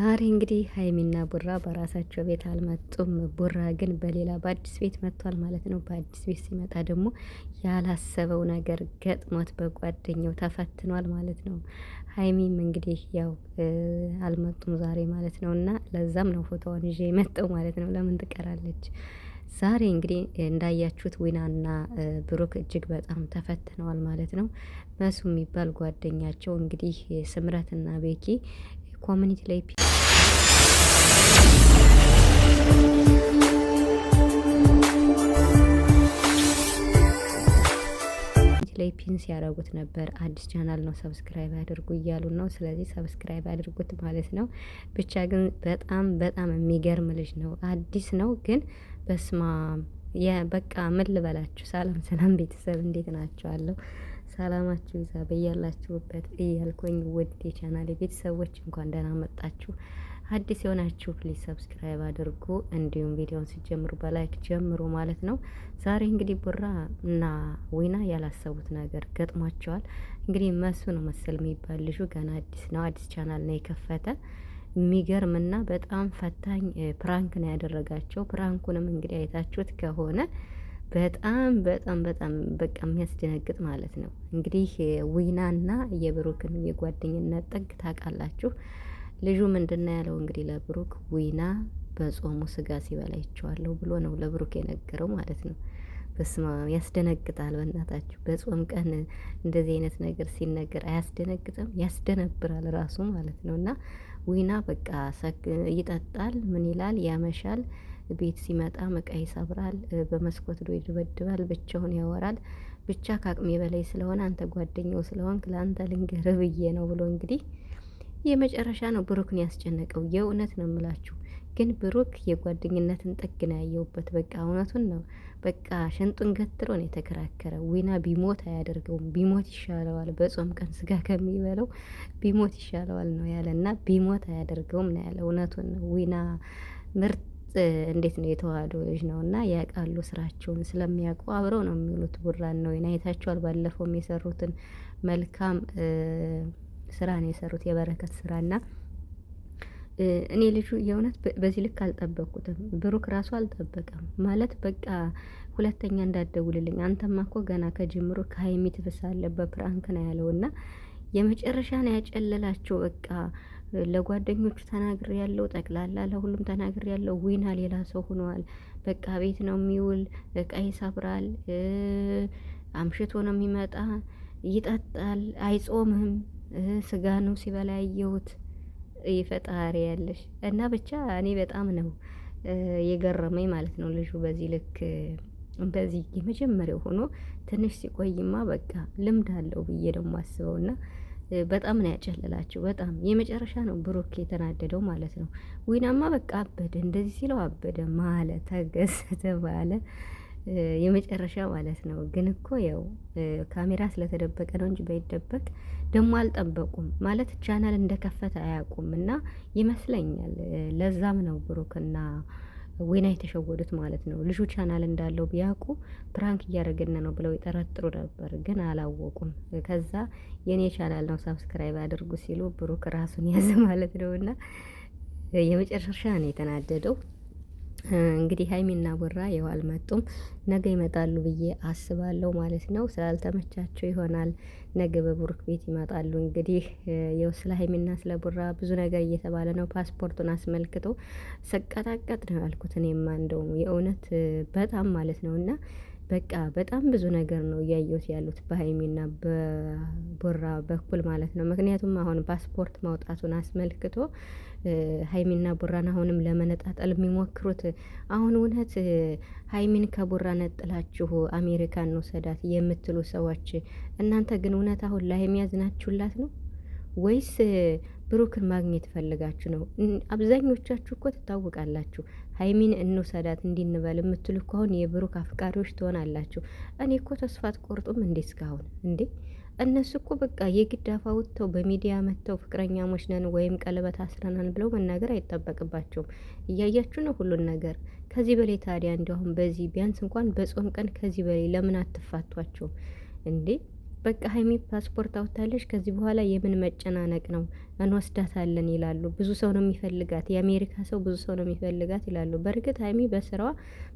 ዛሬ እንግዲህ ሀይሚና ቡራ በራሳቸው ቤት አልመጡም። ቡራ ግን በሌላ በአዲስ ቤት መጥቷል ማለት ነው። በአዲስ ቤት ሲመጣ ደግሞ ያላሰበው ነገር ገጥሞት በጓደኛው ተፈትኗል ማለት ነው። ሀይሚም እንግዲህ ያው አልመጡም ዛሬ ማለት ነው እና ለዛም ነው ፎቶዋን ይዤ የመጣው ማለት ነው። ለምን ትቀራለች? ዛሬ እንግዲህ እንዳያችሁት ዊናና ብሩክ እጅግ በጣም ተፈትነዋል ማለት ነው። መሱ የሚባል ጓደኛቸው እንግዲህ ስምረትና ቤኪ ኮሚኒቲ ላይ ፒን ሲያደርጉት ነበር። አዲስ ቻናል ነው ሰብስክራይብ አድርጉ እያሉ ነው። ስለዚህ ሰብስክራይብ አድርጉት ማለት ነው። ብቻ ግን በጣም በጣም የሚገርም ልጅ ነው። አዲስ ነው ግን በስማ በቃ ምን ልበላችሁ። ሰላም ሰላም ቤተሰብ እንዴት ናቸዋለሁ? ሰላማችሁ ይዛ በያላችሁበት እያልኩኝ ውድ የቻናል ቤተሰቦች እንኳን ደህና መጣችሁ። አዲስ የሆናችሁ ፕሊዝ ሰብስክራይብ አድርጉ፣ እንዲሁም ቪዲዮውን ሲጀምሩ በላይክ ጀምሩ ማለት ነው። ዛሬ እንግዲህ ቡራ እና ዊና ያላሰቡት ነገር ገጥሟቸዋል። እንግዲህ መሱ ነው መሰል የሚባል ልጁ ገና አዲስ ነው፣ አዲስ ቻናል ነው የከፈተ የሚገርምና በጣም ፈታኝ ፕራንክ ነው ያደረጋቸው። ፕራንኩንም እንግዲህ አይታችሁት ከሆነ በጣም በጣም በጣም በቃ የሚያስደነግጥ ማለት ነው። እንግዲህ ዊናና የብሩክን የጓደኝነት ጥግ ታውቃላችሁ። ልጁ ምንድነው ያለው እንግዲህ ለብሩክ ዊና በጾሙ ስጋ ሲበላ ይቸዋለሁ ብሎ ነው ለብሩክ የነገረው ማለት ነው። በስማ ያስደነግጣል። በእናታችሁ በጾም ቀን እንደዚህ አይነት ነገር ሲነገር አያስደነግጥም? ያስደነብራል ራሱ ማለት ነው። እና ዊና በቃ ይጠጣል፣ ምን ይላል፣ ያመሻል ቤት ሲመጣ እቃ ይሰብራል፣ በመስኮት ዶ ይደበድባል፣ ብቻውን ያወራል። ብቻ ከአቅሜ በላይ ስለሆነ አንተ ጓደኛው ስለሆንክ ለአንተ ልንገር ብዬ ነው ብሎ እንግዲህ የመጨረሻ ነው ብሩክን ያስጨነቀው። የእውነት ነው የምላችሁ ግን ብሩክ የጓደኝነትን ጥግ ነው ያየውበት። በቃ እውነቱን ነው። በቃ ሽንጡን ገትሮ ነው የተከራከረ። ዊና ቢሞት አያደርገውም። ቢሞት ይሻለዋል፣ በጾም ቀን ስጋ ከሚበለው ቢሞት ይሻለዋል ነው ያለ እና ቢሞት አያደርገውም ነው ያለ። እውነቱን ነው ዊና ምርት እንዴት ነው የተዋህዶ ልጅ ነው እና ያውቃሉ። ስራቸውን ስለሚያውቁ አብረው ነው የሚውሉት። ቡራን ነው አይታችኋል። ባለፈውም የሰሩትን መልካም ስራ ነው የሰሩት፣ የበረከት ስራ ስራና እኔ ልጁ የእውነት በዚህ ልክ አልጠበቅኩትም። ብሩክ ራሱ አልጠበቀም ማለት በቃ ሁለተኛ እንዳደውልልኝ አንተማ እኮ ገና ከጅምሮ ከሀይሚ ትብሳለህ በፕራንክ ነው ያለው ያለውና የመጨረሻ ነው ያጨለላቸው በቃ ለጓደኞቹ ተናግር ያለው ጠቅላላ ለሁሉም ተናግር ያለው ዊና ሌላ ሰው ሆኗል። በቃ ቤት ነው የሚውል፣ እቃ ይሰብራል፣ አምሽቶ ነው የሚመጣ፣ ይጠጣል፣ አይጾምም። ስጋ ነው ሲበላ ያየሁት። ይፈጣሪ ያለሽ እና ብቻ እኔ በጣም ነው የገረመኝ ማለት ነው ልጁ በዚህ ልክ በዚህ የመጀመሪያው ሆኖ ትንሽ ሲቆይማ በቃ ልምድ አለው ብዬ ነው አስበውና በጣም ነው ያጨለላቸው። በጣም የመጨረሻ ነው ብሩክ የተናደደው ማለት ነው። ዊናማ በቃ አበደ፣ እንደዚህ ሲለው አበደ ማለ፣ ተገሰተ ማለ የመጨረሻ ማለት ነው። ግን እኮ ያው ካሜራ ስለተደበቀ ነው እንጂ ባይደበቅ ደግሞ አልጠበቁም ማለት ቻናል እንደከፈተ አያውቁም እና ይመስለኛል ለዛም ነው ብሩክና ወይና የተሸወዱት ማለት ነው። ልጁ ቻናል እንዳለው ቢያውቁ ፕራንክ እያደረገን ነው ብለው የጠረጥሩ ነበር፣ ግን አላወቁም። ከዛ የእኔ ቻናል ነው ሳብስክራይብ አድርጉ ሲሉ ብሩክ ራሱን ያዘ ማለት ነው እና የመጨረሻ ነው የተናደደው። እንግዲህ ሀይሚና ቡራ ይኸው አልመጡም። ነገ ይመጣሉ ብዬ አስባለሁ ማለት ነው። ስላልተመቻቸው ይሆናል ነገ በብሩክ ቤት ይመጣሉ። እንግዲህ ይኸው ስለ ሀይሚና ስለ ቡራ ብዙ ነገር እየተባለ ነው። ፓስፖርቱን አስመልክቶ ሰቀጣቀጥ ነው ያልኩት እኔማ እንደውም የእውነት በጣም ማለት ነው እና በቃ በጣም ብዙ ነገር ነው እያየሁት ያሉት በሀይሚና በቦራ በኩል ማለት ነው። ምክንያቱም አሁን ፓስፖርት ማውጣቱን አስመልክቶ ሀይሚና ቦራን አሁንም ለመነጣጠል የሚሞክሩት አሁን እውነት ሀይሚን ከቦራ ነጥላችሁ አሜሪካን ሰዳት የምትሉ ሰዎች እናንተ ግን እውነት አሁን ለሀይሚ ያዝናችሁላት ነው ወይስ ብሩክን ማግኘት ፈልጋችሁ ነው። አብዛኞቻችሁ እኮ ትታወቃላችሁ። ሀይሚን እንውሰዳት እንዲንበል የምትሉ ከሆን አሁን የብሩክ አፍቃሪዎች ትሆናላችሁ። እኔ እኮ ተስፋ አትቆርጡም እንዴ እስካሁን እንዴ? እነሱ እኮ በቃ የግድ አፋ ወጥተው በሚዲያ መጥተው ፍቅረኛሞች ነን ወይም ቀለበት አስረናል ብለው መናገር አይጠበቅባቸውም። እያያችሁ ነው ሁሉን ነገር። ከዚህ በላይ ታዲያ እንዲያውም በዚህ ቢያንስ እንኳን በጾም ቀን ከዚህ በላይ ለምን አትፋቷቸውም እንዴ? በቃ ሀይሚ ፓስፖርት አውጥታለች። ከዚህ በኋላ የምን መጨናነቅ ነው? እንወስዳታለን ይላሉ። ብዙ ሰው ነው የሚፈልጋት፣ የአሜሪካ ሰው ብዙ ሰው ነው የሚፈልጋት ይላሉ። በእርግጥ ሀይሚ በስራዋ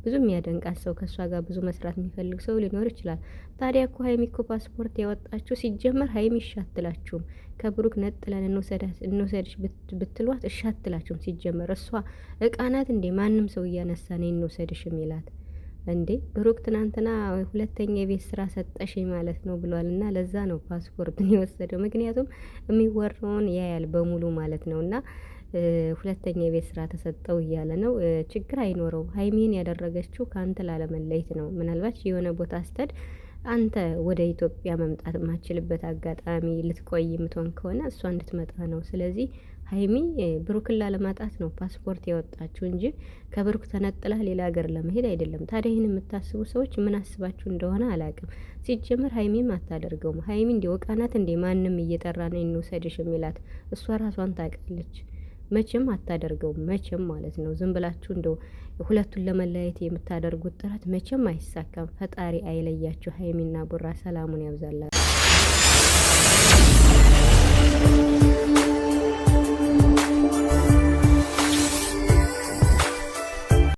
ብዙ የሚያደንቃት ሰው፣ ከእሷ ጋር ብዙ መስራት የሚፈልግ ሰው ሊኖር ይችላል። ታዲያ እኮ ሀይሚ እኮ ፓስፖርት ያወጣችሁ ሲጀመር ሀይሚ ይሻትላችሁም ከብሩክ ነጥለን እንውሰድሽ ብትሏት እሻትላችሁም። ሲጀመር እሷ እቃናት እንዴ? ማንም ሰው እያነሳ ነው እንውሰድሽ የሚላት እንዴ ብሩክ ትናንትና ሁለተኛ የቤት ስራ ሰጠሽኝ ማለት ነው ብሏል። እና ለዛ ነው ፓስፖርትን የወሰደው፣ ምክንያቱም የሚወራውን ያያል በሙሉ ማለት ነው። እና ሁለተኛ የቤት ስራ ተሰጠው እያለ ነው። ችግር አይኖረው። ሀይሜን ያደረገችው ከአንተ ላለመለየት ነው። ምናልባት የሆነ ቦታ አስተድ አንተ ወደ ኢትዮጵያ መምጣት የማችልበት አጋጣሚ ልትቆይ የምትሆን ከሆነ እሷ እንድትመጣ ነው። ስለዚህ ሀይሚ ብሩክን ላለማጣት ነው ፓስፖርት የወጣችሁ እንጂ ከብሩክ ተነጥላ ሌላ ሀገር ለመሄድ አይደለም። ታዲያ ይህን የምታስቡ ሰዎች ምን አስባችሁ እንደሆነ አላቅም። ሲጀምር ሀይሚም አታደርገውም። ሀይሚ እንዲ ወቃናት እንዴ? ማንም እየጠራ ነው እንውሰድሽ የሚላት እሷ ራሷን ታውቃለች። መቼም አታደርገውም። መቼም ማለት ነው። ዝም ብላችሁ እንደ ሁለቱን ለመለያየት የምታደርጉት ጥረት መቼም አይሳካም። ፈጣሪ አይለያችሁ። ሀይሚና ቡራ ሰላሙን ያብዛላችሁ።